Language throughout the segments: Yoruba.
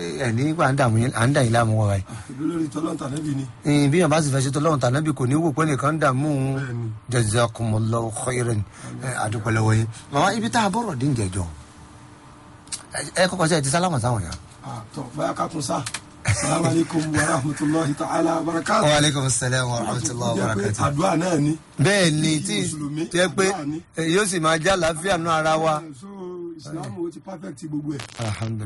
ẹni wà ń dààmú à ń dà yín láàmú wọn báyìí. ìbílẹ̀ tọ́lọ́n tà níbi ni. bí yàn bá sì fẹ́ ṣe tọ́lọ́n tà níbi kò ní wò pé nìkan ń dààmú jazakumullahu khairan àdúpẹ́ lọ́wọ́ yín. màmá ibi tá a bọ̀rọ̀ dín jẹjọ ẹ kọ́kọ́ sẹ́ ẹ ti sálámà sáwọn yàn. àtọ̀ báyà ká tún sá salaamaleykum wa ta'ala wa barakatu. wa aleykum salaam wa rahmatulahi wa barakatu. àdúrà náà ni. bẹ́ẹ̀ ni tí pé yóò sì máa já làáfíà náà ara wa islam ó ti perfect gbogbo ẹ̀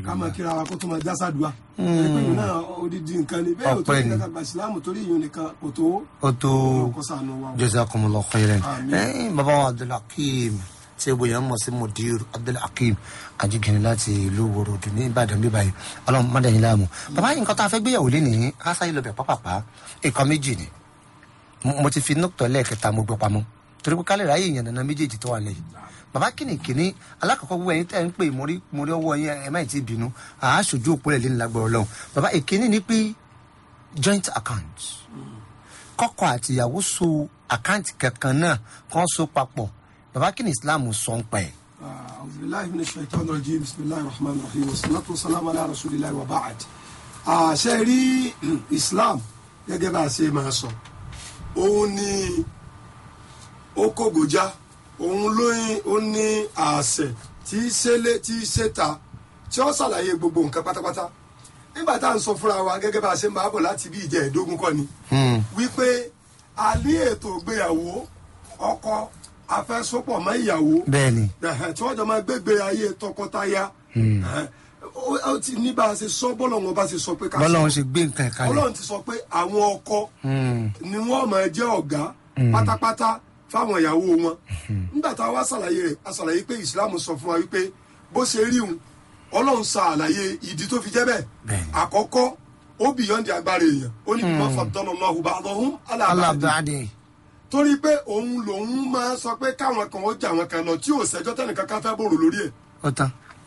ká máa kíra wa kó tó máa jásàdúrà ẹgbẹ́ ìlú náà odidi nǹkan ni bẹ́ẹ̀ òtún ní kàgbà islam torí ìyún nìkan kò tó kó sànù wa. jazakumullahu khairan ẹ bàbá wa abdulhakeem tí egbò yẹn mọ̀ sí mudir abdulhakeem ajíkìnrin láti ìlú wòròdú ní ìbàdàn bíbá yìí ọlọ́run mọ́dé yín láàmú. bàbá yìí nǹkan tá a fẹ́ gbéyàwó lé nìyí kásáyé lọ bẹ̀ pápápá nǹkan méjì ni mo ti fi nọ́ọ̀tọ̀ lẹ́ẹ̀kẹta mo gbọ́ pamọ́ torí pé kálí ráyè ìyànnà méjèèjì tó wà lẹ́yìn bàbá kìnìkìnì alákọ̀ọ́kọ́ wọ ẹ̀yin tẹ́ ń pè mórí mórí ọwọ́ yẹn ẹ̀ má ti bínú àáṣojú òpó rẹ̀ lé ní lágbára ọlọ́run bàbá ìkíní ni pé joint account kọ́kọ àti ìyàwó so àkáǹtì kankan náà kan so papọ̀ bàbá kìnì islam sọ ń pa ẹ̀. a'udhu billahi minash shaitanir rajim bismillahir rahim wassalatu wassalamu ala rasulillahi wa ba'd àṣẹ rí islam gẹ́gẹ́ bá a ṣe máa sọ òun ni ó kó òun lóyún ó ní àṣẹ tí í ṣẹlẹ̀ tí í ṣẹta tí ó ṣàlàyé gbogbo nǹkan pátápátá nígbà tá à ń sọ fúnra wa gẹ́gẹ́ bá a ṣe ń bá bọ̀ láti bí ìjẹ́ ìdógún kọ́ ni hmm. wípé a ní ètò ìgbéyàwó ọkọ afẹ́sọ́pọ̀ mọ́ ìyàwó tí wọ́n jọ máa gbégbé ayé tọkọtaya hmm. ó ti ní bá a ṣe sọ bọ́lọ̀ wọn bá ṣe sọ pé ká sọ bọ́lọ̀ ṣe gbé nǹkan kalẹ̀ Ọlọ́run ti sọ pé àwọn ọkọ hmm. ni wọ́n máa jẹ́ ọ̀gá pátápátá fáwọn ìyàwó wọn nígbà tá a wá ṣàlàyé rẹ̀ a ṣàlàyé pé islam sọ fún wa wípé bó ṣe rí òun ọlọ́run sa àlàyé ìdí tó fi jẹ́ bẹ́ẹ̀ àkọ́kọ́ ó bìyànjú agbára èèyàn ó ní bímọ fàtọ́nà lọ́hùn bá lọ́hùn aláàbàdì torí pé òun lòun máa sọ pé káwọn kan ó jà wọn kan lọ tí ò sẹjọ́ tẹnìkan ká fẹ́ bòrò lórí ẹ̀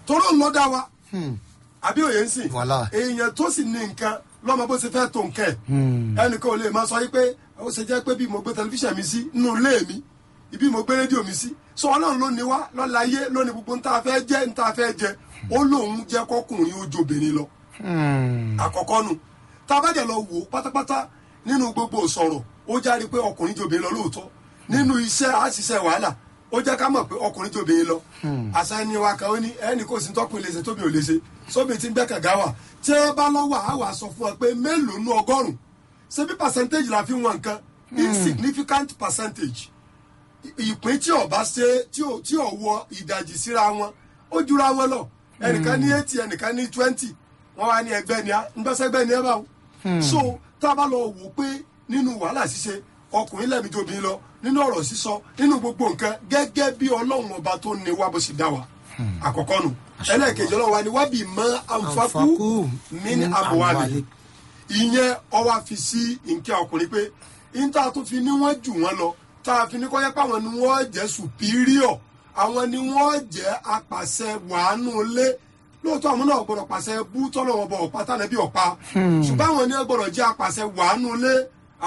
torí òun lọ dá wa hmm. àbí òye ń sìn èèyàn tó sì ní nǹkan lọ́mọ bó ṣe fẹ́ tó nǹkan ẹ̀ hmm. ẹnìkan ò lè máa sọ yí pé ó ṣe jẹ́ pé bí mo gbé tẹlifíṣàn mi sí mi ibi mo gbé rédíò mi sí sọ ọlọ́run ló ní wá lọ́láyé gbogbo nta fẹ́ jẹ́ nta fẹ́ jẹ ó lóun jẹ́ kọkùnrin ó lọ. Hmm. àkọ́kọ́ nu tá a bá lọ wò ó pátápátá nínú gbogbo sọ̀rọ̀ ó jáde pé ọkùnrin jobìnrin lọ lóòótọ́ nínú iṣẹ́ àṣìṣe wàhálà ó jẹ́ ká mọ̀ pé ọkùnrin tó bèè lọ hmm. àṣà ẹni wa kan ó ní ẹnì kò sí tọ́kùn léṣe tóbi ò ń kàgá wà tí ẹ bá ṣe bí percentage la fi wọn nǹkan hmm. insignificant percentage ìpín tí ọba ṣe tí ò wọ ìdajì síra wọn ó jura wọn lọ hmm. ẹnìkan ní eighty ẹnìkan ní twenty wọn wá ní ẹgbẹ́ ni á ńgbẹ́sẹ́gbẹ́ ni ẹ bá wọn. Hmm. so tá a bá lọ wò pé nínú wàhálà ṣíṣe ọkùnrin lẹ́mìí tóbi lọ nínú ọ̀rọ̀ sísọ nínú gbogbo nǹkan gẹ́gẹ́ bí ọlọ́run ọba tó ní wa bó ṣe dá wa àkọ́kọ́ nù ẹlẹ́ẹ̀kejì ọlọ́run wa ni wábì mọ́ àǹfààkù mí ní àbọ̀wálé ìyẹn ọwá fi sí nǹkẹ́ ọkùnrin pé níta tó fi ní wọ́n jù wọ́n lọ tá fi ní kọ́yẹ́ pé àwọn ni wọ́n jẹ́ superior àwọn ni wọ́n jẹ́ apàṣẹ wàánú lé lóòótọ́ àwọn náà gbọ́dọ̀ pàṣẹ bú tọ́lọ̀ wọn bọ̀ ọ̀pá tálẹ̀ bí ọ̀pá hmm. ṣùgbọ́n àwọn ni wọ́n gbọ́dọ̀ jẹ́ apàṣẹ wàánú lé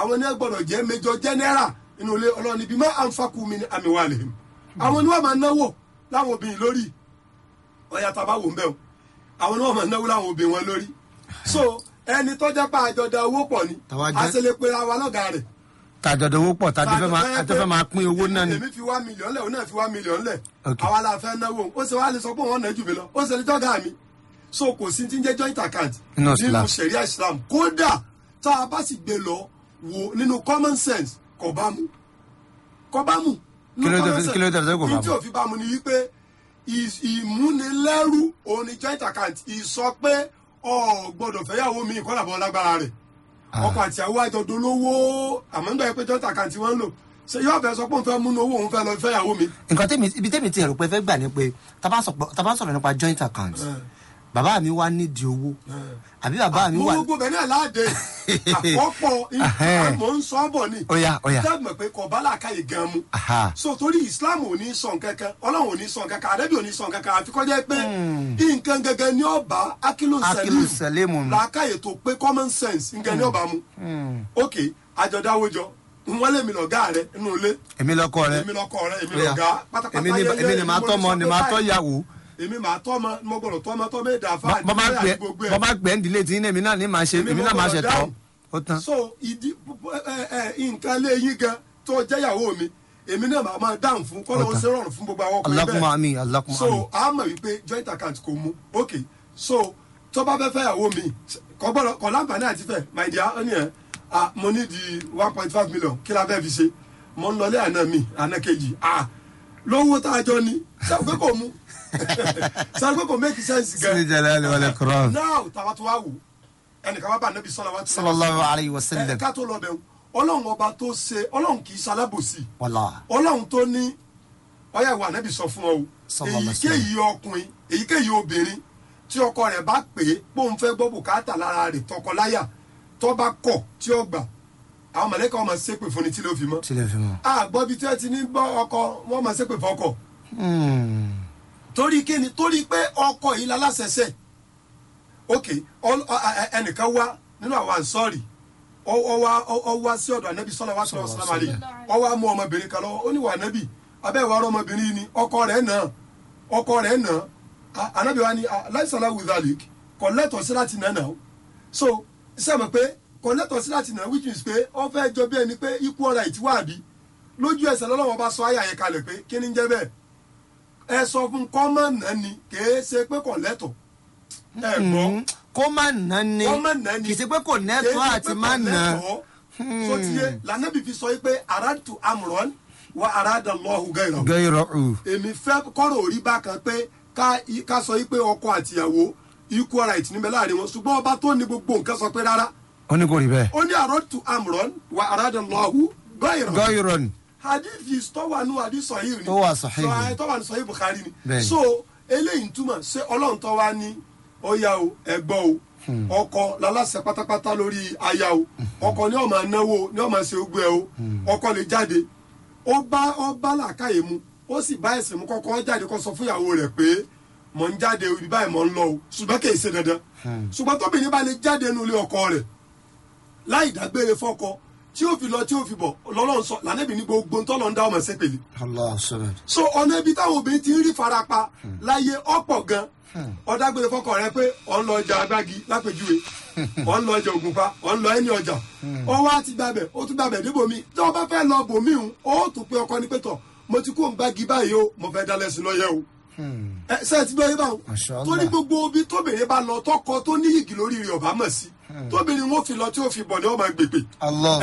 àwọn ni wọ́n gbọ́dọ̀ jẹ́ major general inú ilé ọlọ́run níbi má àǹfààkù mi ni àmì wà lè mu àwọn ni wọ́n máa náwó láwọn obìnrin lórí ọ̀yà tàbá wò ń bẹ̀ o àwọn ni wọ́n máa náwó láwọn obìnrin wọn lórí so ẹni tó jẹ́ pé àjọdá owó pọ̀ ni àṣelepera wa lọ́gàá rẹ̀. tàjọdá owó pọ̀ tàjọfẹ́ máa pín owó náà ni. èmi fi wá mílíọ̀n lẹ̀ òun náà fi wá mílíọ̀n lẹ̀ àwa la fẹ́ náwó ó ṣe wá lè sọ pé òun náà jù mí lọ ó ṣe lè jọ́gà mi so kò sí ti ń jẹ́ joint account nínú sẹ̀ríà Islam kódà tá a bá sì gbé lọ wò nínú common sense kò bá mu kò bá mu nínú common sense kí ló dé kò bá mu ní tí òfin bá mu ni wípé ìmúnilẹ́rú òun joint account ìsọ pé ọ gbọ́dọ̀ fẹ́yàwó mi ìkọ́làbọ̀ lágbára rẹ̀ ah. ọkọ àti àwọn àjọdún lówó àmọ́ nígbà yẹn pé dọ́tà kan tí wọ́n ń lò ṣe yóò fẹ́ sọ pé òun fẹ́ múnú owó òun fẹ́ lọ fẹ́yàwó mi. nǹkan ibi tèmi ti rò pé fẹ́ gbà ni pé tá bá sọ̀rọ̀ nípa joint account. Eh. Baba mi wá nídìí owó àbí bàbá mi wá. àwọn gbogbo bẹ́ẹ̀ náà láàdé àkọ́pọ̀ àmọ́ ń sọ bọ̀ ni tẹ́gbọ̀n pé kò bá làákàyè gan mu so torí islam ò ní sọ nǹkan kan ọlọ́run ò ní sọ nǹkan kan àdẹ́bí ò ní sọ nǹkan kan pé hmm. nǹkan gẹ́gẹ́ ni ó bá làákàyè tó pé common sense nǹkan ni ó mu hmm. ok àjọdáwójọ wọn lé mi lọgá rẹ nínú ilé. èmi lọkọ rẹ èmi lọkọ rẹ èmi lọgá pátápátá yẹyẹ èmi ni màá tọ́ mọ ni màá tọ́ yàwó èmi máa tọ́mọ mo gbọ́dọ̀ tọ́mọ tọ́mọ èdè àfáà ní ìlú gbogbo ẹ̀. bọ́bá gbẹ́ ndílé tí èmi náà ní màá ṣe èmi náà màá ṣe tán ó tán. so ìdí nǹkan lé yín gan tó jẹ́yàwó mi èmi náà máa máa dáhùn fún kọ́lọ́ ó ṣe rọrùn fún gbogbo àwọn ọkùnrin bẹ́ẹ̀. alákùnmá so a mọ̀ wípé joint account kò mú ok so tó bá fẹ́ fẹ́yàwó mi kọ́ láǹfààní àti fẹ́ my dear ó ní ẹ̀ mo million kí la fẹ́ fi ṣe mo ń lọlé àná mi àná kejì lówó tá a jọ ni ṣé òfin kò mú sáré pé make sense gan. sani jalali wàlẹ kuran. now tàwa tó wá wò ẹnìkan bá bá anabi sọlá sallallahu alayhi wa sallam. ẹ ká tó lọ bẹ̀rù ọlọ́run ọba tó ṣe ọlọ́run kì í ṣalábòsí. ọlọ́run tó ní ọyá ìwà anabi sọ fún ọ o èyíkéyìí ọkùnrin èyíkéyìí obìnrin tí ọkọ rẹ̀ bá pè é pòun fẹ́ gbọ́ bùkátà lára rẹ̀ tọkọláyà tó bá kọ̀ tí ó gbà àwọn mọ̀lẹ́kọ̀ ọmọ ṣépè fún ni tí ló fi mọ́. tí ló fi mọ́. àgbọ̀ tí wọ́n ti ní gbọ́ ọkọ wọ́n mọ̀ ṣépè fọ́kọ. Hmm. torí kíni torí pé ọkọ yìí la ok ẹnìkan wá nínú àwọn ànsọ́ọ̀rì ó wá sí ọ̀dọ̀ ànábì sọ́lá wàásù lọ́wọ́ sàlámà lè wá mú ọmọbìnrin kan lọ́wọ́ ó ní wà ànábì abẹ́ ìwà ọmọbìnrin ni ọkọ rẹ̀ nà ọkọ rẹ̀ nà ànábì wa ni sí so sẹ́mi pé pe lẹ́tọ̀ọ́ sí láti nà which means pé ó jọ bí ẹni pé right lójú ẹsẹ̀ sọ ayé pé ẹ sọ fún kọ́ mọ̀ náà ni kìí ṣe pé kò lẹ́tọ̀ ẹ hmm. gbọ́. kó má nà ni kìí ṣe pé kò lẹ́tọ̀ àti má nà. Hmm. sotiye lànàbì fi sọ pé aráàtú amúrán wa aráàdà lọ́hùn gẹ̀rọ̀. gẹ̀rọ̀ o. èmi fẹ́ kọ́rọ̀ orí bákan pé ká sọ pé ọkọ àtìyàwó ikú ara ìtìníbẹ̀ láàrin wọn ṣùgbọ́n ọba tó ní gbogbo nǹkan sọ pé rárá. ó ní kò rí bẹ́ẹ̀. ó ní aráàtú amúrán wa aráàdà lọ́hùn gẹ̀rọ̀. gẹ̀rọ̀ hadith tó wà nù hadith sọ̀hìn ni tó wà sọ̀hìn ni tó wà nù sọ̀hìn Bukhari ni so eléyìí túmọ̀ ṣé ọlọ́run tó wá ní ọ̀yà o ẹ̀gbọ́ o hmm. ọkọ lálàṣẹ pátápátá lórí aya o hmm. ọkọ ni ó máa náwó ni ó máa ṣe ogbó ẹ o hmm. ọkọ lè jáde ó bá ó bá làákàyè mu ó sì bá ẹ̀sìn mu kọ́kọ́ jáde kó sọ fún ìyàwó rẹ̀ pé mọ̀ ń jáde ibi báyìí mọ̀ ń lọ o ṣùgbọ́n kì í ṣe dandan ṣùgbọ́n tóbìnrin bá lè jáde nínú ọkọ rẹ̀ láì dágbére fọ́kọ tí ó fi lọ tí ó fi bọ̀ lọ́lọ́ sọ lànàbì ní gbogbo ń tọ́lọ́ ń dá ọmọ sépèlè. so ọ̀nà ibi táwọn obìnrin ti ń rí farapa láyé ọ̀pọ̀ gan ọ̀dàgbére fọkọ rẹ pé ọ̀ ń lọ ọjà agbági lápèjúwe ọ̀ ń lọ ọjà ògùnfà ọ̀ ń lọ ẹni ọjà ọwọ́ àti gbàbẹ̀ ó tún gbàbẹ̀ níbo mi tí wọ́n bá fẹ́ lọ bò míhun ó tún pé ọkọ ní pẹ̀tọ̀ mo ti kó ń gbági báyìí o mo fẹ́ dalẹ̀ sí lọ́yẹ̀ o hmm. ṣe ti gbọ́ yín báwọn tó ní gbogbo obi tóbìnrin bá lọ tọkọ tó ní yìgì lórí rẹ̀ ọ̀bá mọ̀ sí Hmm. tóbìnrin wọn fi lọ tí o fi bọ̀ ni ó máa gbègbè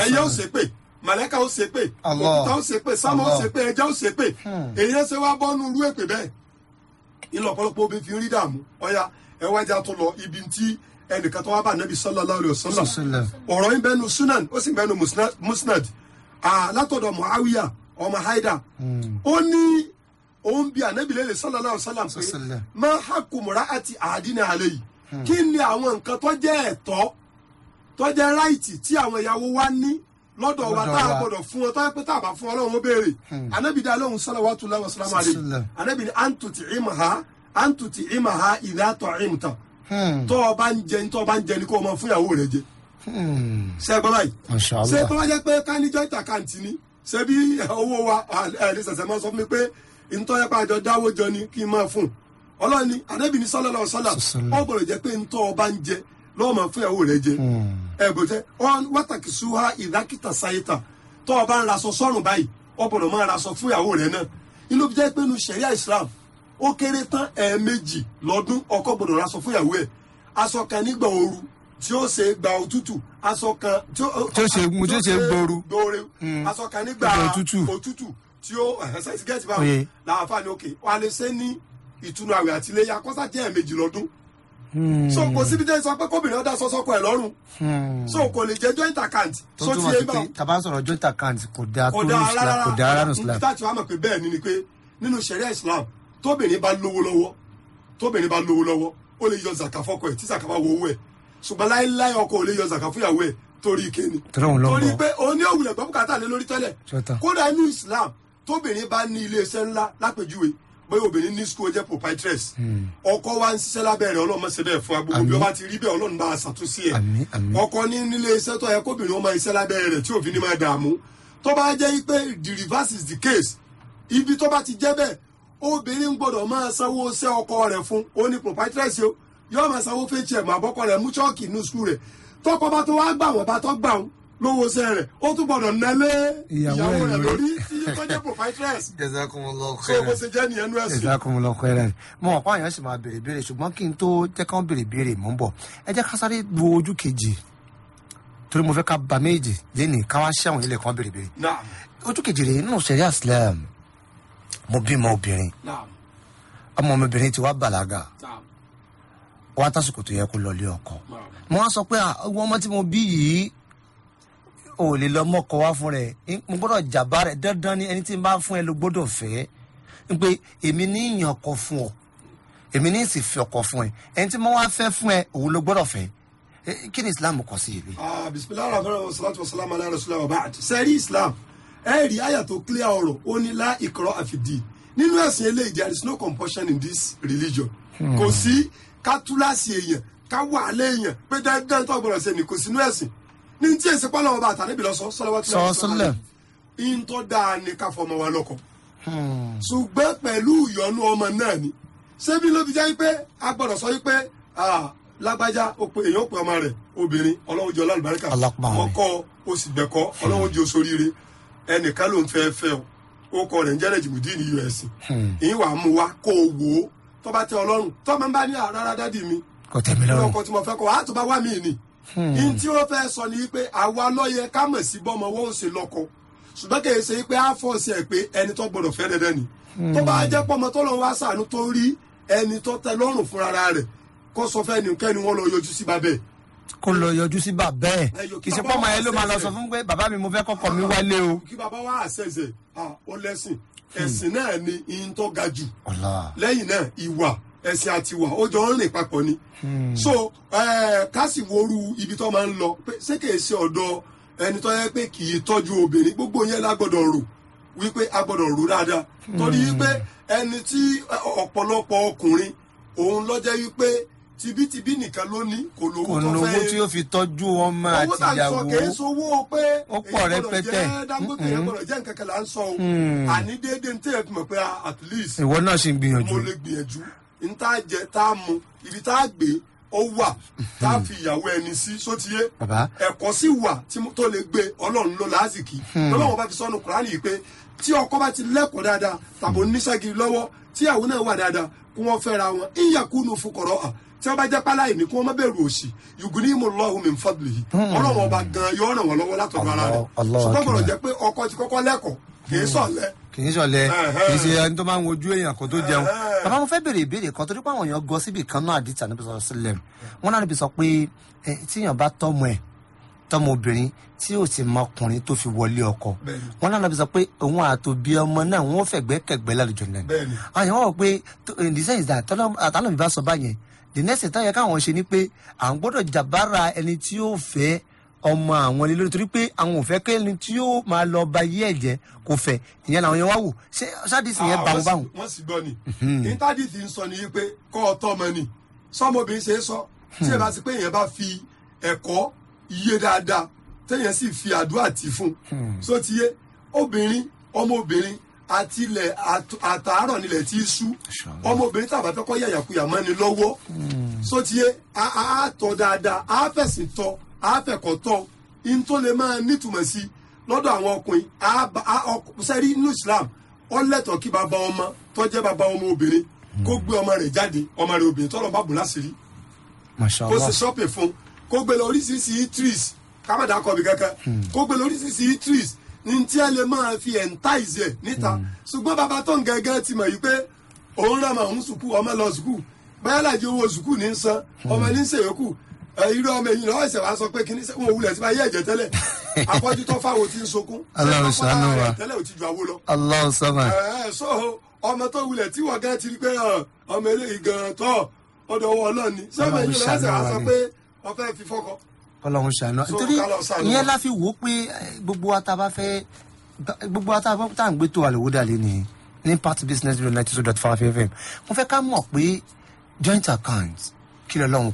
ẹyẹ ó ṣe pé màlẹ́kà ó ṣe pé òkúta ó ṣe pé sámà ó ṣe pé ẹja ó ṣe pé hmm. èyí ẹsẹ̀ wa bọ́nu irú èpè bẹ́ẹ̀ ìlọ̀pọ̀lọpọ̀ obìnrin fi ń rí dààmú ọ̀ya ẹ̀wájà tó lọ ibi tí ẹnìkan tó wá bá nàbì sallallahu alaihi wasallam ọ̀rọ̀ yìí bẹ́nu sunan ó sì bẹ́nu musnad látọ̀dọ̀ muawiya ọmọ haida hmm. ó ní òun bí anabi lè lè sallallahu alaihi wasallam pé máa hakumura àti àdínà àlẹ́ yìí kí ni àwọn nǹkan tó jẹ́ ẹ̀tọ́ tó jẹ́ ráìtì tí àwọn ìyàwó wa ní lọ́dọ̀ wa tá a gbọ́dọ̀ fún ọ tó yẹ pé tá a bá fún ọ lọ́wọ́ béèrè anabi hmm. dá lóhùn alayhi anabi ni antu ima ha antu ima ha im hmm. tán tó o bá ń jẹ ní tó o bá ń jẹ ní kó o máa fún ìyàwó rẹ jẹ. Hmm. gbọ́dọ̀ tó bá pé ìtàkàǹtì ni bí owó wa sẹ̀sẹ̀ máa sọ fún mi pé anabi ni ẹ̀bùtẹ́ wàtàkì suha ìdákìtà sayita tó o bá ń raṣọ sọ́run báyìí o gbọ́dọ̀ máa raṣọ fún ìyàwó rẹ náà inú bí jẹ́ pé nu sẹ̀ríà Islam ó kéré tán ẹ̀ẹ̀mejì lọ́dún ọkọ gbọ́dọ̀ raṣọ fún ìyàwó ẹ̀ aṣọ kan nígbà ooru tí ó ṣe gba òtútù aṣọ kan tí ó ṣe tí ó ṣe gbooru hmm. aṣọ kan nígbà òtútù tí ó ẹ̀sẹ̀ ti gẹ̀ẹ́sì báwọn làwọn afáàní òkè wà lè ṣe ní ìtùnú àwẹ̀ àtìlẹ́yà kọ́sà jẹ́ ẹ̀ẹ̀mejì lọ́dún Hmm. so kò síbi tẹ́ sọ pé kóbìnrin ọ̀dà sọ́sọ́kọ ẹ̀ lọ́rùn hmm. so kò lè jẹ́ joint account so ti yé bá. tàbá sọ̀rọ̀ joint account kò dáa tó ní islam kò dáa rárá ní islam. nígbà tí wàá mọ̀ pé bẹ́ẹ̀ ni ni pé nínú sẹ̀ríà islam tóbìnrin bá lówó lọ́wọ́ tóbìnrin bá lówó lọ́wọ́ ó lè yọ zaka fọ́kọ ẹ̀ tí zaka bá wo owó ẹ̀ ṣùgbọ́n láéláé ọkọ ò lè yọ zaka fúyàwó ẹ̀ torí ike ni. torí pé òun ní òwúlẹ̀ gbọ́ bùkátà lé lórí islam tóbìnrin bá ní iléeṣẹ́ ńlá lápèjúwe bóyá obìnrin ní school jẹ́ proprietress hmm. ọkọ wa ń ṣiṣẹ́ lábẹ́rẹ́ ọlọ́run máa fún wa bí wọ́n ti rí bẹ́ẹ̀ ọlọ́run bá a ṣàtúnṣe ẹ̀ ọkọ ní nílé iṣẹ́ tó yẹ kóbìnrin ó máa iṣẹ́ lábẹ́rẹ́ rẹ̀ tí òfin ní máa dààmú tó bá jẹ́ pé the reverse is the case ibi tó bá ti jẹ́ bẹ́ẹ̀ obìnrin gbọ́dọ̀ máa sanwó iṣẹ́ ọkọ rẹ̀ fún ó ní proprietress yóò máa sanwó fẹ́ẹ́ tiẹ̀ mọ́ àbọ́kọ rẹ̀ mú chọ́ọ̀kì inú school rẹ̀ tọ́kọ bá tó wá gbà wọ́n bá tó gbà wọ́n lówó sẹ rẹ ó tún gbọ́dọ̀ nálé ìyàwó rẹ lórí tí tọjá proprietress. jazakumullahu khairan so bó ṣe jẹ nìyẹn nú ẹsìn. jazakumullahu khairan mo mọ̀ fún àyànṣe máa béèrè béèrè ṣùgbọ́n kí n tó jẹ́ kí wọ́n béèrè béèrè mò ń bọ̀ ẹ jẹ́ ká sáré wo ojú kejì torí mo fẹ́ ká ba méjì yé ni ká wá ṣe àwọn ilé kan béèrè béèrè. ojú kejì rèé nínú sẹ́rí Islam mo bímọ obìnrin ọmọ mi obìnrin ti wá bàlágà wá tásìkò tó yẹ kó lọ lé ọkọ mo wá sọ pé àwọn ọmọ tí mo bí yìí òun ò lè lọ mọ́kọ wá fún rẹ̀ mo gbọ́dọ̀ jàbá rẹ̀ dandan ni ẹni tí n bá fún ẹ ló gbọ́dọ̀ fẹ́ n pé èmi ní ìyàn ọkọ fún ọ èmi ní ìsì fi ọkọ fún ẹ ẹni tí mo wá fẹ́ fún ẹ òun ló gbọ́dọ̀ fẹ́ kí ni islam kọ sí ilé. Ah, bisimilahi rahman rahim salatu wa salam alayhi rasulillah wa baad sẹ́rí islam ẹ rí àyà tó clear ọ̀rọ̀ ó ní la ìkọ́rọ̀ àfìdí nínú ẹ̀sìn eléyìí there is no compulsion in this religion hmm. kò sí kátúláṣì èèyàn ká wà á léèyàn pé dáadáa tó gbọ́dọ̀ sẹ́ni kò sínú ẹ̀sìn ní tí èsì pálọ̀ ọba àtàlẹ́bí lọ sọ sọlọ́wọ́ tí wọ́n sọ lẹ́ yín tó dáa ní ká fọmọ wa lọ́kọ. Hmm. ṣùgbọ́n pẹ̀lú ìyọnu ọmọ náà ni ṣebí ló ti jẹ́ pé a gbọ́dọ̀ sọ pé lágbájá èèyàn pè ọmọ rẹ̀ obìnrin ọlọ́run jẹ́ ọlọ́lùbáríkà ọkọ oṣù gbẹ̀kọ́ ọlọ́run jẹ́ oṣooríire ẹnìkan ló ń fẹ́ fẹ́ o ó kọ rẹ̀ ń jẹ́rẹ̀ jìbùdí ní us hmm. ìyín wàá mú wa kó o wò ó tọ́ba tẹ ọlọ́run tọ́ba ń bá ní àrárá dádì mi kò tẹ̀mí lọ́rùn ọkọ tí mo fẹ́ kọ́ àtúbá wà ni yín hmm. tí wọ́n fẹ́ sọ ni pé àwa lọ́yẹ ká mọ̀ sí bọ́mọ wọn ò ṣe lọ́kọ ṣùgbọ́n kì í ṣe pé á fọ́ sí ẹ̀ pé ẹni tó gbọdọ̀ fẹ́ dandan ni hmm. tó bá jẹ́ pọ́mọ tó lọ́n wá sànú tó rí ẹni tó tẹ́ lọ́rùn fúnra rẹ̀ kó sọ fẹ́ nìkẹ́ni wọ́n lọ yọjú sí bàbá ẹ̀ lọ yọjú sí bàbá ẹ kì í ṣe pọ́mọ ẹ ló máa lọ sọ fún pé bàbá mi mo fẹ́ kọ́kọ́ mi wálé o. kí bàbá wa àṣẹṣe ó lẹ́sìn hmm. ẹ̀sìn náà ni ihun tó ga jù lẹ́yìn náà ìwà ẹ̀sìn àti ìwà ó jọ ń rìn papọ̀ ni. Hmm. so ká sì woru ibi tó máa ń lọ ṣé kìí ṣe ọ̀dọ̀ ẹni tó yẹ pé kì í tọ́jú obìnrin gbogbo yẹn la gbọ́dọ̀ rò wípé a gbọ́dọ̀ rò dáadáa hmm. torí wípé ẹni tí ọ̀pọ̀lọpọ̀ ọkùnrin òun ló wípé tibitibi nìkan ló ní kò lówó tó fẹ́ kò lówó tí ó fi tọ́jú ọmọ àtìyàwó owó tá à ń sọ kìí sowó pé èyí gbọ́dọ̀ jẹ́ Dangote èyí hmm. gbọ́dọ̀ jẹ́ nǹkan là ń sọ o àní déédéé ní tẹ́lẹ̀ fi mọ̀ pé at least ìwọ náà sì ń gbìyànjú mo lè gbìyànjú n tá jẹ tá mu ibi tá gbé ó wà tá fi ìyàwó ẹni sí sótìyé ẹ̀kọ́ sì wà tó lè gbé ọlọ́run ló láásìkí hmm. lọ́wọ́ bá fi sọ́nu kúránì yìí pé tí ọkọ bá ti lẹ́kọ̀ọ́ dáadáa tàbí hmm. oníṣẹ́giri lọ́wọ́ tí ìyàwó náà wà dáadáa kó wọ́n fẹ́ra wọn ìyàkúnú fukọ̀rọ̀ à tí wọ́n bá jẹ́ páláyì ní kí wọ́n má bẹ̀rù òṣì yùgùn ní ìmọ̀lọ́hù mi fọ́dùlù yìí ọlọ́run ọba gan yóò ràn wọ́n lọ́wọ́ látọ̀dọ̀ ara rẹ̀ ṣùgbọ́n gbọ́dọ̀ jẹ́ pé ọkọ ti kọ́kọ́ lẹ́kọ̀ọ́ kì í hmm. sọ̀lẹ́ kì í ṣọ̀lẹ kì í ṣe ẹni tó máa ń wojú èèyàn kó tó jẹun bàbá mo fẹ́ béèrè ìbéèrè kan torí pé àwọn èèyàn gọ síbi kan náà àdìtà níbi sọ̀rọ̀ sílẹ̀ wọn náà níbi sọ pé tíyàn bá tọ́mọ ẹ̀ tọ́mọ obìnrin tí ò sì mọ ọkùnrin tó fi wọlé ọkọ wọn náà níbi sọ pé òun àtòbí ọmọ náà wọn fẹ̀gbẹ́ kẹ̀gbẹ́ lálejò náà àyàn wọ̀ pé àtàlọ́mì bá sọ báyẹn the next thing táyẹ káwọn ṣe ni pé à ń gbọ́dọ̀ jàbára ẹni tí ó fẹ́ ọmọ àwọn ilé lórí torí pé àwọn ò fẹ́ kí ẹni tí yóò máa lọ ba yí ẹ̀jẹ̀ kò fẹ́ ìyẹn làwọn yẹn wá wò ṣé sádìsì yẹn ah, bá wọn báwọn. wọ́n sì gbọ́ ni mhm. intadit ń sọ ni pé kọ́ ọ tọ́mọ ni sọmọbìnrin ṣe é sọ tí ẹ bá hmm. ti pé èèyàn bá fi ẹ̀kọ́ iye dáadáa téèyàn sì fi àdúrà tì fún hmm. so ti yé obìnrin ọmọbìnrin àti ilẹ̀ àtàárọ̀ nílẹ̀ tí í sú ọmọbìnrin tàbá fẹ́ kọ́ yàyàkuyà mọ́ni lọ́wọ́ hmm. so ti yé àá tọ́ dáadáa àá àfẹ̀kọ̀tọ́ in tó lè máa nítumọ̀ sí lọ́dọ̀ àwọn ọkùnrin sẹ́rí inú Islam ó lẹ́tọ̀ọ́ kí bàbá ọmọ tó jẹ́ bàbá ọmọ obìnrin kó gbé ọmọ rẹ̀ jáde ọmọ rẹ̀ obìnrin tọ́lọ̀ bá bù láṣìírí kó ṣe ṣọ́ọ̀pì fún kó gbé lọ oríṣiríṣi itris kámẹ́dà kọ̀bì kankan kó gbé lọ oríṣiríṣi itris ní tí a lè máa fi ẹ̀ńtáìsì ẹ̀ níta hmm. ṣùgbọ́n bàbá tó ń gẹ́gẹ́ ti mọ̀ yìí pé òun rẹ̀ mọ̀ òun sùkú ọmọ lọ sùkú báyọ̀ irú ọmọ èyí náà ẹsẹ̀ wá sọ pé kí sẹ́wọ̀n òwúlẹ̀ tí máa yẹ ẹ̀jẹ̀ tẹ́lẹ̀ afọ́jú fáwọn tí ń sunkún Allahu sànù wa tẹ́lẹ̀ ò ti ju àwo lọ. Allahu sànù. ẹ so ọmọ tó wulẹ̀ tí wọ́n gán ti rí pé ọmọ eléyìí gan tọ́ ọdọ̀ owó ọlọ́ọ̀ni sẹ́wọ̀n èyí náà ẹsẹ̀ wá sọ pé wọ́n fi fọ́kọ. Ọlọ́run sànù nítorí ìyẹn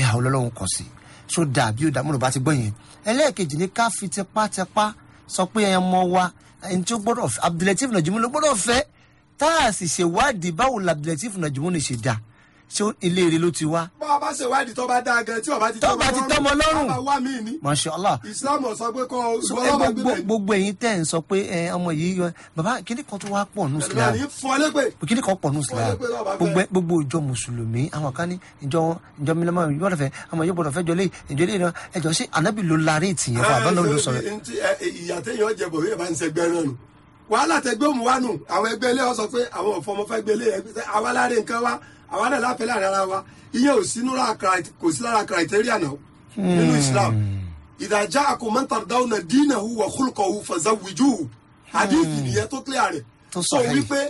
ìhà ọlọ́run kọ̀ sí ṣó dáa bí ó bá ti gbọ́ yẹn ẹlẹ́ẹ̀kejì ni ká fi tipátipá sọ pé ẹ mọ wa ẹni tí ó gbọ́dọ̀ Abdulateef Najimu ló gbọ́dọ̀ fẹ́ tá a sì ṣèwádìí báwo Abdulateef Najimu ni ṣe dáa ṣé ilé rẹ ló ti wá. bá a bá ṣe wádìí tó bá dá gan tí ọba ti tọmọ lọ́rùn bàbá wa mi ni. masha Allah islam sọ pé kọ ìwọlọ́wọ́ gbẹgbẹ. gbogbo ẹ̀yin tẹ́ ń sọ pé ọmọ yìí bàbá kíní kan tó wá pọ̀ nù islam kíní kan pọ̀ nù islam gbogbo ìjọ mùsùlùmí àwọn kan ní ìjọ ìjọ mílíọ̀nù yìí gbọ́dọ̀ fẹ́ ọmọ yìí gbọ́dọ̀ fẹ́ jọ lé ìjọ lé náà anabi ló larí ìtìyẹn wàhálà tẹgbẹ́ òmùwánu àwọn ẹgbẹ́ ilé ọ sọ pé àwọn ọ̀fọ́ ọmọ fẹ́ gbélé ẹgbẹ́ àwa láre nǹkan wa àwa náà láfẹ́ láàrin ara wa iye ò sí kò sí lára criteria náà nínú hmm. Islam ìdájá àkómọ́ntàdáwọ̀nà dínà hu wà kúlùkọ̀ hu fazawiju hadith hmm. nìyẹn tó clear rẹ̀ sọ wípé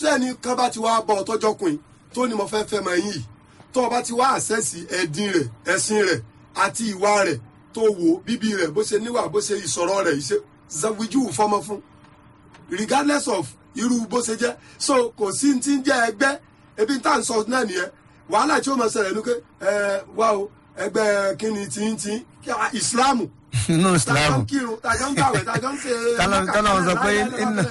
tẹ́ni kan bá ti wá bọ̀ ọ̀tọ́jọ́kùnrin tó ní mo fẹ́ fẹ́ mọ yìí tó o bá ti wá àṣẹ́sì ẹ̀dín rẹ̀ ẹ̀sìn rẹ̀ àti ìwà rẹ̀ tó wo bíbí rẹ̀ bó ṣe níwà bó ṣe ìsọ̀rọ̀ rẹ̀ ìṣe zawiju fọmọ fún regardless of irú bó ṣe jẹ́ so kò sí ti ń jẹ́ ẹgbẹ́ ebi tá à ń sọ náà nìyẹn wàhálà tí ó máa ṣẹlẹ̀ ní pé ẹ wá o ẹgbẹ́ kíni tìǹtì ìsìláàmù. nínú ìsìláàmù tàjọ ń kàwé tàjọ ń ṣe. tọ́lọ̀ ń sọ pé iná.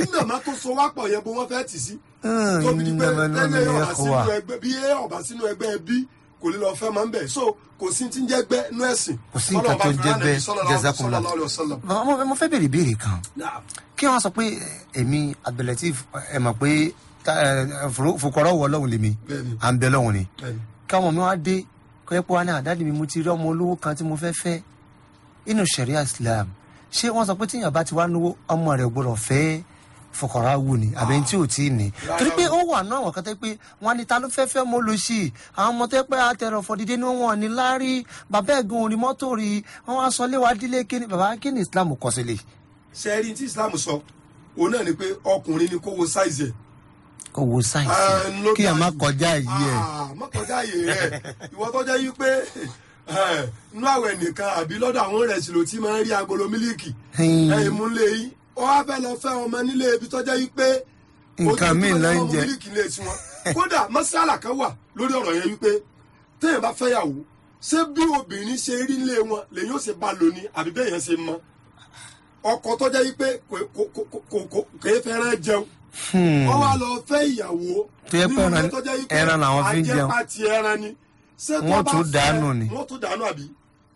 iná máa tó so wápọ̀ yẹn bó wọ́n fẹ́ tì sí. Hmm, tóbi di pé lẹ́lẹ́ ọ̀bà sínú ẹgbẹ́ bí ọ̀bà sínú ẹgbẹ́ bí kò lè lọ fẹ́ máa ń bẹ̀ so kò sí ti ń jẹ́ gbẹ́ nú ẹ̀sìn. kò sí nǹkan tó jẹ́ bẹ́ẹ̀ jazakumla mo fẹ́ béèrè ìbéèrè kan kí wọ́n sọ pé èmi abdulateef ẹ̀ mọ̀ pé fòkọrọ wọ lọhùn lèmi à ń bẹ lọhùn ni káwọn mi wá dé kọ́yẹ́pọ̀ wa náà dáàdì mi mo ti rí ọmọ kan tí mo fẹ́ fẹ́ inú sharia islam ṣé wọ́n sọ pé tíyàn bá ti wá náwó ọmọ rẹ̀ gbọ́dọ̀ fẹ́ fọkàrà wù ni àbẹ tí ò tí ì ní torí pé ó wà náà wọn kan tẹ pé wọn ni ta ló fẹ́ fẹ́ mọ́ lọ́sì àwọn ọmọ tẹ pé àtẹrọ fọdídé ni wọn ní láárí bàbá ẹ̀gbọ́n orin mọ́tò rí wọn wá sọ léwà dílé kíni bàbá kíni islam kọ sílẹ̀. sẹ́ẹ̀rì tí islam sọ òun náà ni pé ọkùnrin ni kó sáìzì ẹ̀ kó wo sáìsì kí ẹ má kọjá yìí ẹ. má kọjá yìí rẹ ìwọ tó jẹ́ yí pé nínú àwẹ̀ nìkan àbí lọ́dọ̀ àwọn rẹ̀ sì ló ti máa ń rí agolo mílíìkì ẹ̀yìn mú lé yìí ó wá fẹ́ lọ fẹ́ ọmọ nílé ibi tó jẹ́ yí pé nǹkan mi ló ń jẹ kódà mọ́sálà kan wà lórí ọ̀rọ̀ yẹn wípé téèyàn bá fẹ́ yàwó ṣé bí obìnrin ṣe rí ilé wọn lèyìn ó ṣe bá lò ní àbí bẹ́ẹ̀ yẹn ṣe mọ́ ọkọ tó jẹ́ wípé kò kò kò kò kò kò fẹ́ràn jẹun Hmm. wọ́n wá lọ fẹ́ ìyàwó nínú ẹ̀tọ́ jẹ́ ipò ajẹ́pá ti ẹran ni wọ́n tún dànù ni wọ́n tún dànù àbí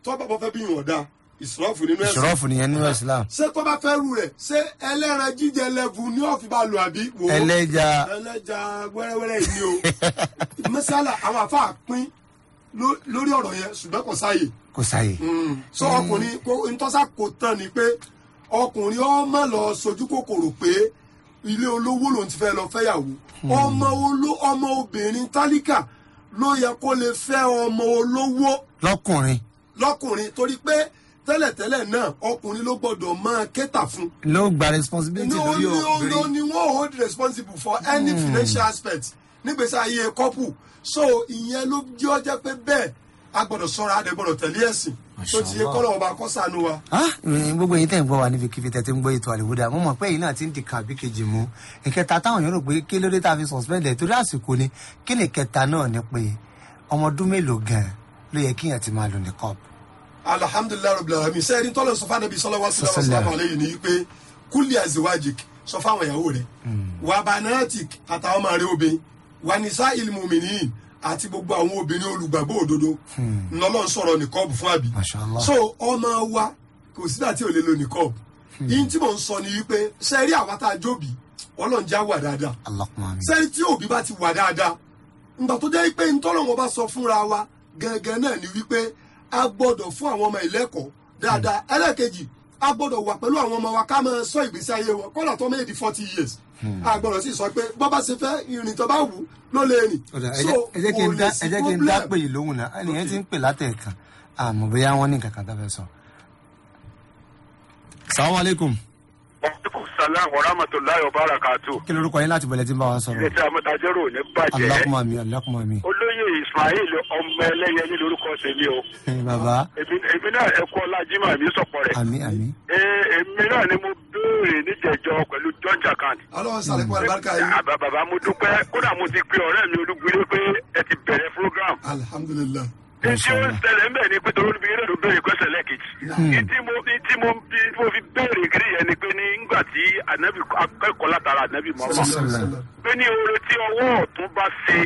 tó bá bọ́ fẹ́ bí ìwọ̀n dá ìṣòrọ́fù nínú ẹ̀sìn ìṣòrọ́fù nìyẹn nínú ẹ̀sìn láà. ṣé tó bá fẹ́ rú rẹ̀ ṣé ẹlẹ́ran jíjẹ lẹ́bù ní ọ̀fi bá lò àbí. ẹlẹ́ja ẹlẹ́ja wẹ́rẹ́wẹ́rẹ́ yìí o mẹ́sàlá àwọn àfa pín lórí ọ̀rọ̀ yẹn ṣùgbọ́n kò sáàyè. kò sáàyè. Hmm. sọ hmm. ọkùnrin ntọ́sà kò tán ni pé ọkùnrin ọmọ lọ sojú kòkòrò pé ilé olówó lòun ti fẹ́ lọ fẹ́yàwó ọmọ oló ọmọ obìnrin tálíkà ló yẹ kó lè fẹ́ ọmọ olówó. lọ́kùnrin. lọ́kùnrin torí pé tẹ́lẹ̀tẹ́lẹ̀ náà ọkùnrin ló gbọ́dọ̀ máa kẹ́tà fún. ló gba responsibility lórí obìnrin. no ni wọ́n hold responsible for any mm. financial aspect nígbèsè ayé couple so ìyẹn ló jẹ́ pé bẹ́ẹ̀ a gbọ́dọ̀ sọ́ra a dẹ̀ gbọ́dọ̀ tẹ̀lé ẹ̀sìn tó ti yẹ kọ́ lọ́wọ́ bá kọ́ wa. Ah, mm, gbogbo yìí tẹ̀ ń gbọ́ wa níbi kíbi tẹ̀ tí ń gbọ́ ètò àlèwúdà mo mọ̀ pé èyí náà ti ń di kàbí kejì mú ìkẹta táwọn yóò rò pé kí lóde tá a fi suspend ẹ̀ torí àsìkò ni kí ni ìkẹta náà ni pé ọmọ ọdún mélòó gan-an ló yẹ kíyàn ti máa lò ní cup. alhamdulilayi rabbil alamin sẹ́yìn ní tọ́lọ̀ sọ́fà nàbí sọ́lá wàásù sàlámù alayhi ni pé kúlì àzíwájìk sọ fáwọn ìyàwó rẹ̀ hmm. wàbánáàtìk àtàwọn ọmọ rẹ̀ obìnrin wànísà ìlmùmìnìyìn àti gbogbo àwọn obìnrin olùgbàgbọ́ òdodo ńlọ́lọ́ hmm. sọ̀rọ̀ nìkọ́ọ̀bù fún àbí so ọmọ wa kò sí dàtí ò lè lo nìkọ́ọ̀bù yín hmm. tí mò ń sọ ni wípé sẹ́rí àwa tá a jóbi ọlọ́run já wà dáadáa sẹ́rí tí òbí bá ti wà dáadáa ǹgbà tó jẹ́ pé ntọ́lọ́ wọn bá sọ fúnra wa gangan náà ni wípé a gbọ́dọ̀ fún àwọn ọmọ ìlẹ́kọ̀ọ́ dáadáa hmm. ẹlẹ́ẹ̀kejì a gbọ́dọ̀ wà pẹ̀lú àwọn ọmọ wa ká máa sọ ìgbésí ayé wọn kọ́lá tó mẹ́ẹ̀dì forty years àgbọ̀rọ̀ hmm. sì sọ pé bọ́ bá ṣe fẹ́ ìrìn tó bá wù ló lè rìn. ẹ jẹ́ kí n dá pé yìí lóhùn náà ẹnìyẹn ti ń pè látẹ̀ẹ̀kan àmọ́ bóyá wọ́n ní kankan fẹ́ sọ. salamu aleykum aleykum salaam wa rahmatulahi wa yín láti bẹ̀rẹ̀ tí ń bá wa sọ̀rọ̀. ilé tí a mọ̀ ní bàjẹ́. alákùnmá mi alákùnmá mi. olóyè ismail ọmọ ẹlẹ́yẹ ní lorúkọ tèmi o. bàbá. èmi náà ẹ̀kọ́ lajima mi sọ̀pọ̀ rẹ̀. àmín àmín. èmi náà ni mo béèrè níjẹ̀jọ pẹ̀lú john jakan. ọlọ́run sàlẹ̀kùn àlùbáríkà yìí. bàbá mo dúpẹ́ kódà mo ti pe ọ̀rẹ́ mi olúgbìlẹ̀ pé ẹ ti bẹ̀rẹ̀ program. alhamdulilayi. iṣẹ́ ó ń bẹ̀ ni pé torí olùbí eré ló béèrè pẹ́sẹ̀ lẹ́ẹ̀kejì. Hmm. ìtí mo ìtí mo ìtí mo fi béèrè kiri yẹn ni pé ní ngbà tí ànábì akẹ́kọ̀ọ́ látara ànábì mọ́mọ́ pé ní oore tí ọwọ́ ọ̀tún bá ṣe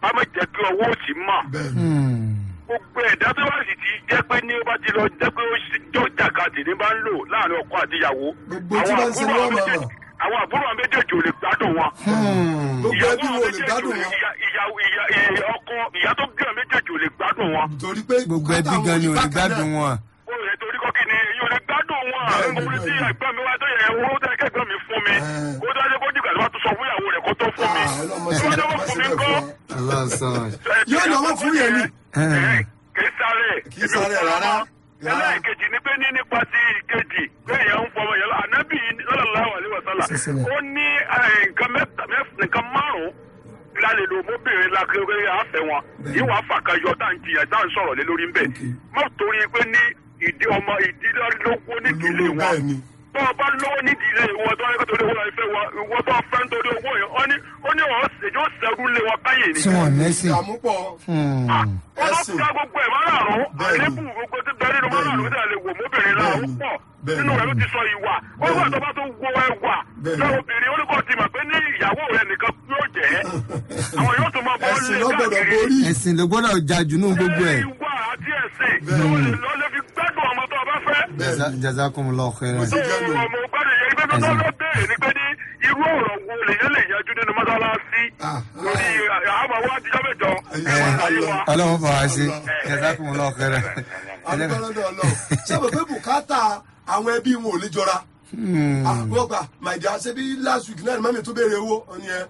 bá má jẹ́ kí ọwọ́ òsì mà hmm. gbogbo ẹ̀dá tó bá sì ti jẹ́ pé ní ó bá ti lọ jẹ́ pé ó jọ jàkadì ní bá ń lò láàrin ọkọ àtìyàwó àwọn àbúrò àwọn méjèèjì àwọn àbúrò àwọn méjèèjì ò lè gbádùn wọn. Hmm. gbogbo wọn. ìyá ọkọ ìyá tó gbé àwọn méjèèjì ò lè gbádùn wọn. torí pé gbogbo ẹbí gan ni ò lè gbádùn wọn. o torí kọ́ kí ni èyí lè gbádùn wọn. mo rí sí ẹgbẹ́ mi wá tó yẹ owó tó yẹ kẹ́gbẹ́ mi fún mi. kó tó kó dìgbà tó bá tún sọ fún ìyàwó rẹ̀ kó tó fún mi. kí ah, wọ́n jẹ́wọ́ fún yẹn ni. kì í sáré rárá ẹlẹ́ẹ̀kejì ni pé ní nípa ti ìkejì pé èèyàn ń fọmọ yẹn ànábì sallallahu alaihi wasallam ó ní eh, nǹkan mẹ́ta nǹkan márùn-ún lálẹ́ ló mọ́bìnrin lákéré àfẹ́ wọn yìí wàá fàkàyọ tá à ń jiyàn tá à ń sọ̀rọ̀ lé lórí ń bẹ̀ mọ́ torí pé ní ìdí ọmọ ìdílé lógún nídìílé wọn bó o bá lówó nídìí ilé ìwọ tó ẹgbẹ́ torí owó la fẹ́ wọ ìwọ tó fẹ́ nítorí owó yẹn ó ní ó ní ọ̀ ṣèjọ́ ṣẹ́gun lé wọn báyìí ni. sùn lẹ́sìn. àmúpọ̀. ẹ̀sìn hmm. ah, ọlọ́pàá gbogbo ẹ̀ máa rọ̀ àlébù gbogbo tó bẹ́ẹ̀ nínú máa rọ̀ nígbà lè wò mọ́bìnrin náà ó pọ̀ nínú rẹ̀ ló ti sọ ìwà ó wà tó bá tó wo ẹwà lọ́wọ́bìnrin olùkọ́ ti mà pé ní ìyàwó rẹ̀ nìkan yóò jẹ́ àwọn yóò tún máa bọ́ lé káàkiri ẹ̀sìn ló gbọ́dọ̀ jà jù nínú gbogbo ẹ̀. ìwà àti ẹ̀sìn ló lè fi gbádùn ọmọ tó o bá fẹ́. jazakumullahu khairan lò. mo gbọ́dọ̀ yẹ ibi tó lọ bẹ̀rẹ̀ ni pé ní irú ọ̀rọ̀ wo lèyàn lè yanjú nínú mọ́sálásí ah, lórí ah. àwọn àwọn àtijọ́ mẹ́jọ. ọlọ́run fọ wá sí ẹ̀dá kùn ún lọ́ọ̀kẹ́rẹ́. ọlọ́dọ̀ ọlọ́run sábà pé bùkátà àwọn ẹbí wọn ò ní jọra. àwọn hmm. ah, gbà màìdí àṣẹbí last week náà ni mami tó béèrè owó ọ̀nì yẹn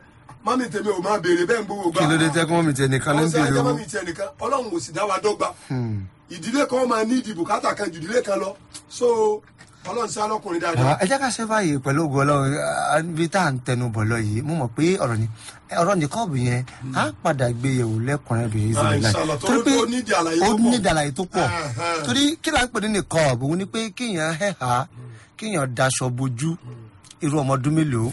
mami tèmi ò máa béèrè bẹ́ẹ̀ ń gbowó gbà. kí ló dé tẹ́ kí mami tẹ̀ nìkan ló ń béèrè owó. mami tẹ̀ nìkan ọlọ́run ò sì dá wa dọ́gba. Hmm. ìdílé kan máa ní ìdìbò kátà kan jù ìdílé kan lọ. so ọlọ́run sá lọ́kùnrin dáadáa. Ah, ẹ jẹ́ ká ṣe báyìí pẹ̀lú ògùn ọlọ́run ah, ibi tá à ń tẹnu bọ̀ lọ yìí mo mọ̀ pé ọ̀rọ̀ ni ọ̀rọ̀ ní kọ́ọ̀bù yẹn hmm. á padà gbé yẹ̀wò lẹ́kùnrin bí yìí sílẹ̀ láì torí pé ó ní ìdàlàyé tó pọ̀ ah, torí kí là ń pè ní ní kọ́ọ̀bù ni pé kéèyàn hẹ́hà kéèyàn daṣọ bojú irú ọmọ ọdún mélòó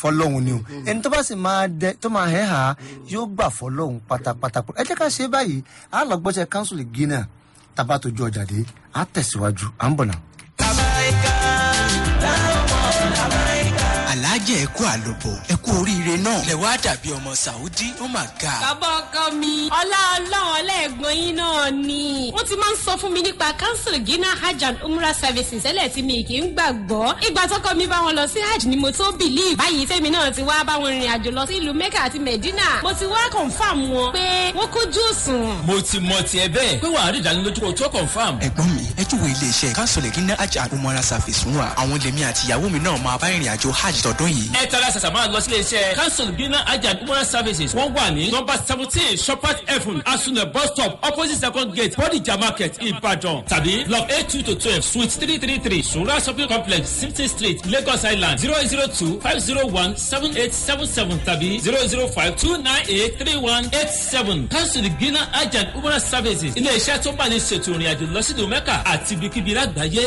fọlọ́hún ni o hmm. ẹni tó bá sì máa dẹ tó máa hẹ́hà hmm. yóò gbà fọlọ́hún pátápátá ẹ kú àlòbò ẹ kú oríire náà lẹ dàbí ọmọ Saudi ó mà ga. bàbá ọkọ mi ọlá ọlọ́run ọlẹ́ẹ̀gbọ́n yín náà ni. wọ́n ti máa ń sọ fún mi nípa council Gina hajj and umrah services tẹ́lẹ̀ tí mi kì í gbàgbọ́. ìgbà tọkọ mi bá wọn lọ sí hajj ni mo tó believe. báyìí tèmi náà ti wá bá wọn rìnrìn àjò lọ sí ìlú Mecca àti Medina. mo ti wá confam wọn pé wọ́n kójú òsùn. mo ti mọ tiẹ̀ bẹ́ẹ̀ pé wàá rí ìdánilójú kò tó confam. ẹ̀gbọ́n mi ẹ júwe iléeṣẹ́ council Gina hajj and umrah services fún wa àwọn lèmi àtìyàwó mi náà máa bá ìrìn àjò hajj tọdún yìí ẹ tara sàṣàmà lọ sílé iṣẹ́ council gina ajad human services wọ́n wà ní number seventeen shoppers heaven asunẹ bus stop opposite second gate bodijà market ìbàdàn tàbí block eight two to twelve suite three three three sura shopping complex simpson street lagos island zero zero two five zero one seven eight seven seven tàbí zero zero five two nine eight three one eight seven council gina ajad human services ilé iṣẹ́ tó bá ní ṣètò ìrìn àjò lọ sílùú mẹ́kà àti ibikíbi lágbàáyé.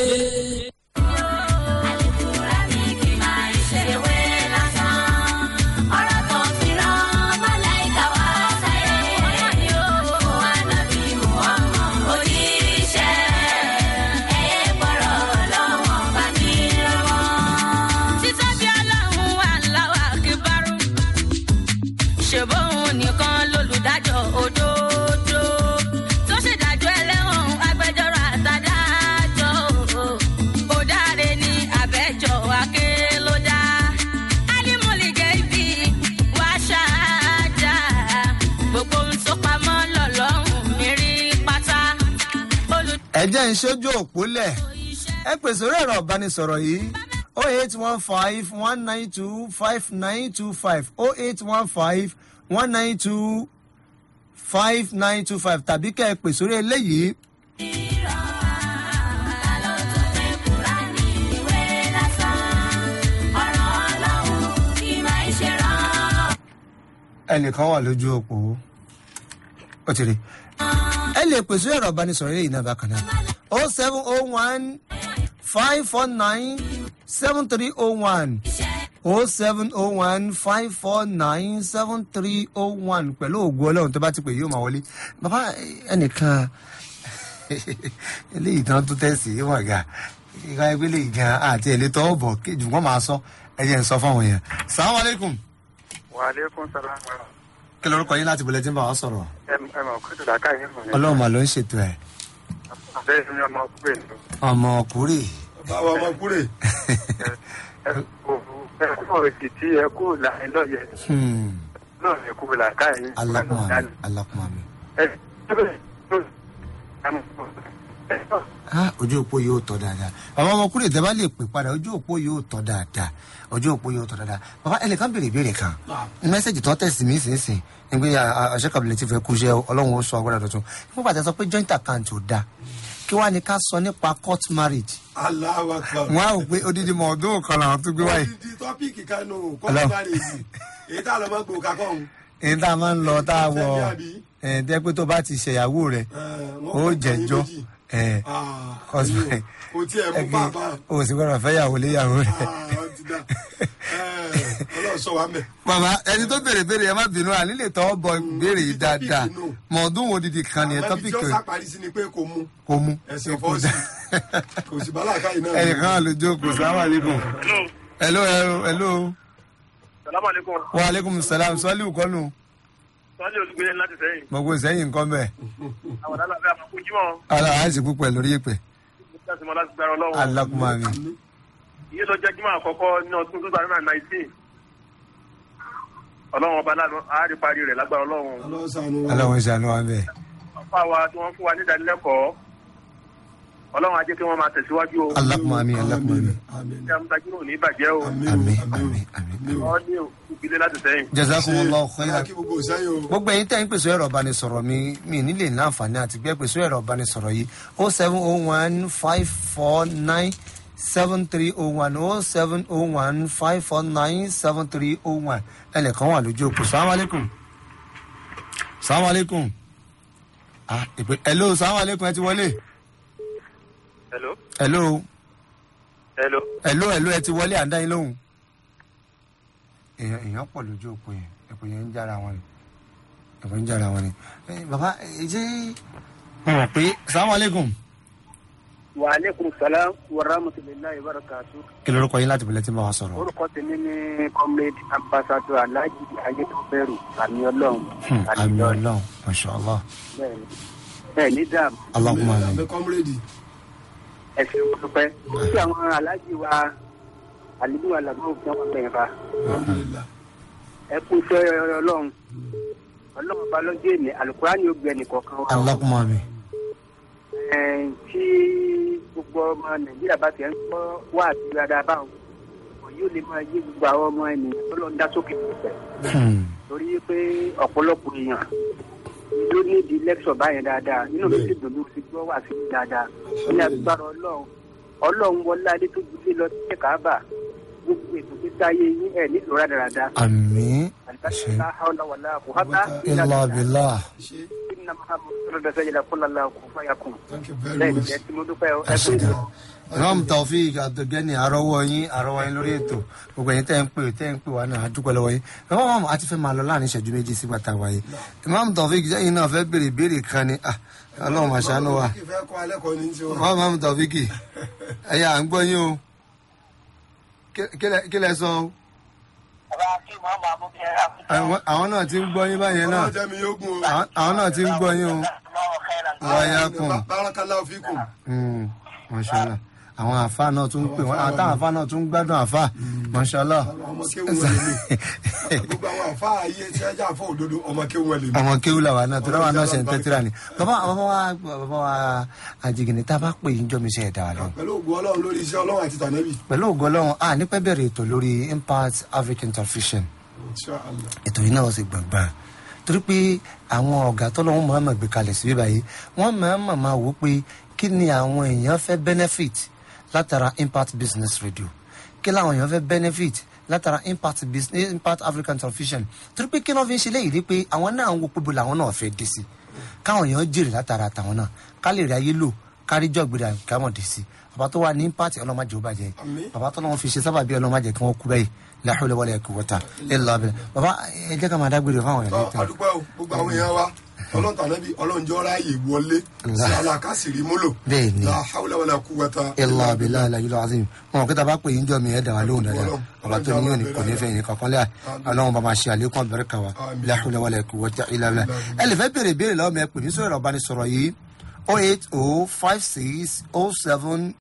sójú òpó lẹ̀ ẹ pè sórí ẹ̀rọ ìbánisọ̀rọ̀ yìí o oh eight one five one nine two five nine two five o oh eight one five one nine two five nine two five tàbí kẹ́ ẹ pè sórí eléyìí. ẹnìkan wà lójú òpó ó ti rí ẹ lè pèsè ẹ̀rọ ìbánisọ̀rọ̀ eré ìnáwó kan náà oh seven oh one five four nine seven three oh one oh seven oh one five four nine seven three oh one pẹ̀lú ògo ọlọ́run tó bá ti pè yóò máa wọlé bàbá ẹnìkan eléyìí tán tó tẹ̀sí wà gà ìgbà ìpínlẹ̀ gan àti ẹ̀lẹ́tọ̀ ọ̀bọ̀ kejì wọ́n máa sọ ẹ̀yẹ ń sọ fáwọn èèyàn. sàlámù aleykum. wa aleykum salaam wa. kí lorúkọ yín láti bọ̀lẹ́tì ń bá wa sọ̀rọ̀. ẹ ẹ mọ̀ kó tó dàkà yín. ọlọ́run mà ló ń ṣètò ẹ̀ àbẹ́rẹ́ mi ọmọ kúrè ni. ọmọ kúrè. báwo ọmọ kúrè. ẹ kú ẹ hmm. kú èkìtì ẹ kú làyín lọ́yẹ. náà ẹ kú làkàyè. alákùnrin alákùnrin. ẹ ẹ bẹ́ẹ̀ ni ojú òpó yóò tọ́ dáadáa bàbá ọmọkùnrin ìtẹ́ bá lè pè padà ojú òpó yóò tọ́ dáadáa ojú òpó yóò tọ́ dáadáa bàbá ẹnìkan béèrè ìbéèrè kan mẹ́sẹ̀gì tó tẹ̀sí mi sínsìn nígbè àṣekàbìlẹ̀ ti fẹ́ kú iṣẹ́ ọlọ́run ó sọ agbára tuntun nígbà pàtẹ́ sọ pé joint account ò dáa kí wàá ní ká sọ nípa court marriage. Allahu Akbar. wọn á wò pé odidi mọ ọdún kan làwọn tó gbé wáyé. odidi tọ́pìkì kan nù court marriage èyí tá a lọ máa gbòó kakọ́ òun. èyí tá a máa ń lọ tá a wọ ẹ̀ẹ́dẹ́gbẹ́ tó bá ti ṣèyàwó rẹ̀ ó jẹ́jọ́ ọsùn ah, o sì gbọdọ fẹ yàwó lé yàwó rẹ. Ah, bàbá ẹni tó béèrè béèrè ẹ má bínú à nílé tọ́ bọ béèrè yìí dáadáa mọ ọdún wo didi kan ni ẹ tọ́pìkì rẹ. àwọn ẹni tí ó sàparí sí ni pé náà. ẹnìkan àlejò kò sáwà lẹ́kùn. hello hello. salaamaleykum. wa aleykum salaam sọ́ọ́lì kọ́nù sọ́ọ́lì olùgbé láti sẹ́yìn. mo gbé sẹ́yìn nǹkan bẹ́ẹ̀. àwọn alábẹ́ àmọ́ kò jímọ̀. ala a sì púpẹ̀ lórí ìpè. alákùnmá mi. iye lọ jẹ́ jímọ̀ àkọ́kọ́ ní ọdún two thousand and nineteen. ọlọ́run ọba lánàá a rí parí rẹ̀ lágbára ọlọ́run. ọlọ́run ṣàánú wa bẹ́ẹ̀. ọ̀pá wa tí wọ́n fún wa nídàálẹ́kọ̀ọ́ ọlọ́run ajé kí wọ́n máa tẹ̀síwájú o. Allahumma àmín Allahumma àmín. ṣé amúdájú ò ní bàjẹ́ o. àmín àmín àmín. wọ́n ní ìpínlẹ̀ láti sẹ́yìn. jazakumullahu khairan. gbogbo ẹ̀yin tẹ́ pèsè ẹ̀rọ ìbánisọ̀rọ̀ mi mi nílé ní àǹfààní àti gbé pèsè ẹ̀rọ ìbánisọ̀rọ̀ yìí o seven o one five four nine seven three o one o seven o one five four nine seven three o one ẹnìkan wà lójú òkú salamu aleykum ah ìpè hello salamu aleykum ẹ ti wọlé hello. hello. hello. hello hello ẹ ti wọlé à ń dá yín lóhùn. èèyàn èèyàn pọ̀ lójú òpó yẹn èpò yẹn ń jára wọn ni èpò ń jára wọn ni. bàbá ṣé mo mọ̀ pé salamu aleykum. wa aleykum salaam wa rahmatulahi wa barakatu. kí lorúkọ yín láti bẹ̀rẹ̀ tí mo wá sọ̀rọ̀. orúkọ tèmi ni comrade ambassadọ alhaji ayétọ́fẹ́rù àmì ọlọ́run. Hmm, àmì ọlọ́run masha allah. bẹ́ẹ̀ ni dam. alákùnrin. bẹ́ẹ̀ ni comrade ẹ ṣe wọn dúpẹ́ sí àwọn aláàjì wa àlejò àlàbọ òfin àwọn ọmọ ẹ̀fà ẹ kú iṣẹ́ ọlọ́run ọlọ́run bá lọ́jọ́ èmi àlùkùránì ó gbẹ nìkọ̀ọ̀kan wa. alákùnmọ́ mi. ẹ tí gbogbo ọmọ nàìjíríà bá ti ń gbọ́ wá àti dáadáa báwọn yóò lè máa yé gbogbo àwọn ọmọ ènìyàn tó lọ ń dá sókè pẹ̀lú hmm. torí pé ọ̀pọ̀lọpọ̀ èèyàn tó ní di lẹ́kṣọ̀ báyẹn dáadáa inú mi sì dùn ló fi gbọ́ wà sí dáadáa ní agbára ọlọ́run ọlọ́run wọlé adé tó gbé lọ sí káàbà gbogbo ètò tó táyé yín ẹ̀ nílùú rádaràda. àmín ṣe ilà bìlà. Thank you very much ram taofik abdulgani arọwọ yín arọwọ yín lórí ètò gbogbo yín tẹ́ ń pè tẹ́ ń pè wá náà àdúpẹ́ lọ́wọ́ yín imam a ti máa lọ láàrin ìṣẹ́jú méjì sígbà tá wáyé imam taofik yín náà fẹ́ béèrè béèrè kan ni ah, ọlọ́run máa ṣàánú wa wọ́n imam taofik ẹ̀yà à ń gbọ́ yín o kí lẹ sọ o. àwọn náà ti ń gbọ́ yín báyẹn náà àwọn náà ti ń gbọ́ yín o. wáyà kùn. bárakàlá òfin hmm, masha Allah àwọn àfa náà tún pè wọn àtà àfa náà tún gbádùn àfa mọṣálá. ọmọ kéwù làwa náà tó dáwà náà ṣe ń tẹ́tíra ni bàbá àwọn bàbá wa àjìgìnì tá a bá pè yín jọ mi ṣe ẹ̀dá wa lọ. pẹ̀lú ògùn ọlọ́run lórí iṣẹ́ ọlọ́run àti tànẹ́bì. pẹ̀lú ògùn ọlọ́run a nípẹ́ bẹ̀rẹ̀ ètò lórí impact African television ètò yìí náà ṣe gbọ̀ngbọ̀n torí pé àwọn ọ̀gá tọ́lọ́wọ́n máa ma gbé kalẹ̀ síbí báyìí wọ́n máa ma máa wò pé kí ni àwọn èèyàn fẹ́ benefit látara impact business radio kí làwọn èèyàn fẹ́ benefit látara impact business impact african television torí pé kí ló fi ń ṣe léyìí rí pé àwọn náà ń wo gbogbo làwọn náà fẹ́ dé sí káwọn èèyàn jèrè látara tàwọn náà ká lè rí ayé lò kárí jọ̀gbìrì káwọn dé sí bàbá tó wà ní impact ọlọ́mọdé ó bàjẹ́ bàbá tó lọ́wọ́ fi ṣe sábàbí ọlọ́mọdé kí wọ́n kú bẹ́yìí la hawla wala quwwata illa billah bàbá ẹ jẹ́ ká máa dágbére fáwọn èèyàn lẹ́tọ́. àdúgbò gbogbo àwọn èèyàn wa ọlọ́ntà nábì ọlọ́njọ́ ráàyè wọlé sí alákàsírí múlò la hawla wala quwwata illa billah alayhi azim wọn kí taba pè yín jọ mi ẹ dàwa lóhùn dáadáa bàbá tó ní òní kò ní fẹ́ yín kankan lẹ́yà ọlọ́run bàbá ṣe àlékún abẹ́rẹ́ kàwá la hawla wala quwwata illa billah ẹ lè fẹ́ béèrè béèrè lọ́wọ́ mi pè ní sọ̀rọ̀ ọ̀bánisọ̀rọ̀ yìí 0805607